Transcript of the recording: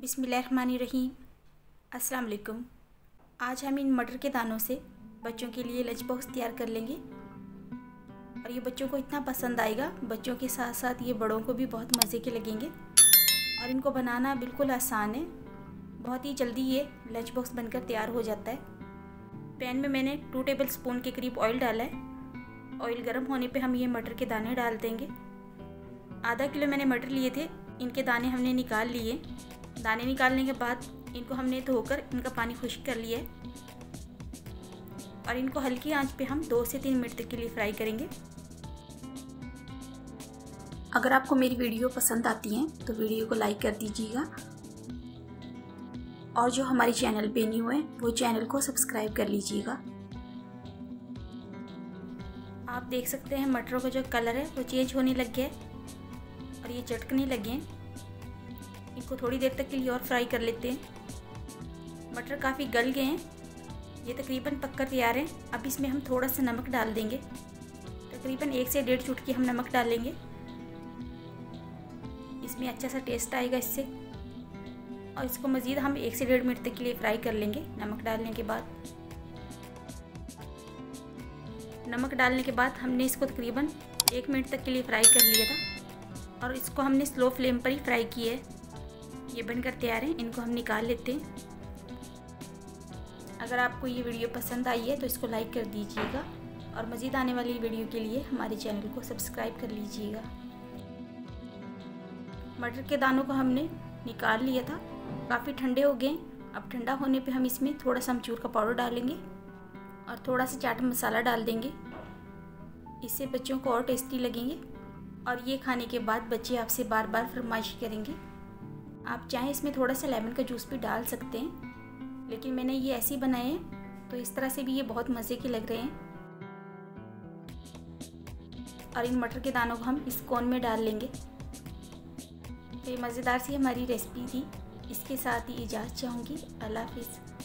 बिसमीम अस्सलाम वालेकुम आज हम इन मटर के दानों से बच्चों के लिए लंच बॉक्स तैयार कर लेंगे और ये बच्चों को इतना पसंद आएगा बच्चों के साथ साथ ये बड़ों को भी बहुत मज़े के लगेंगे और इनको बनाना बिल्कुल आसान है बहुत ही जल्दी ये लंच बॉक्स बनकर तैयार हो जाता है पैन में मैंने टू टेबल स्पून के करीब ऑयल डाला है ऑयल गर्म होने पर हम ये मटर के दाने डाल देंगे आधा किलो मैंने मटर लिए थे इनके दाने हमने निकाल लिए दाने निकालने के बाद इनको हमने धोकर इनका पानी खुश्क कर लिया है और इनको हल्की आंच पे हम दो से तीन मिनट तक के लिए फ्राई करेंगे अगर आपको मेरी वीडियो पसंद आती है तो वीडियो को लाइक कर दीजिएगा और जो हमारे चैनल पे न्यू है वो चैनल को सब्सक्राइब कर लीजिएगा आप देख सकते हैं मटरों का जो कलर है वो चेंज होने लग गया है और ये चटकने लगे हैं इसको थोड़ी देर तक के लिए और फ्राई कर लेते हैं मटर काफ़ी गल गए हैं ये तकरीबन पक्का तैयार है अब इसमें हम थोड़ा सा नमक डाल देंगे तकरीबन एक से डेढ़ चुटकी हम नमक डालेंगे इसमें अच्छा सा टेस्ट आएगा इससे और इसको मज़ीद हम एक से डेढ़ मिनट तक के लिए फ्राई कर लेंगे नमक डालने के बाद नमक डालने के बाद हमने इसको तकरीबन एक मिनट तक के लिए फ्राई कर लिया था और इसको हमने स्लो फ्लेम पर ही फ्राई किया है ये बनकर तैयार हैं इनको हम निकाल लेते हैं अगर आपको ये वीडियो पसंद आई है तो इसको लाइक कर दीजिएगा और मज़ीद आने वाली वीडियो के लिए हमारे चैनल को सब्सक्राइब कर लीजिएगा मटर के दानों को हमने निकाल लिया था काफ़ी ठंडे हो गए अब ठंडा होने पे हम इसमें थोड़ा सा अमचूर का पाउडर डालेंगे और थोड़ा सा चाट मसाला डाल देंगे इससे बच्चों को और टेस्टी लगेंगे और ये खाने के बाद बच्चे आपसे बार बार फरमाइश करेंगे आप चाहें इसमें थोड़ा सा लेमन का जूस भी डाल सकते हैं लेकिन मैंने ये ऐसे ही बनाए हैं तो इस तरह से भी ये बहुत मज़े के लग रहे हैं और इन मटर के दानों को हम इस कोन में डाल लेंगे तो ये मज़ेदार सी हमारी रेसिपी थी इसके साथ ही इजाज़त चाहूँगी अल्लाह हाफिज़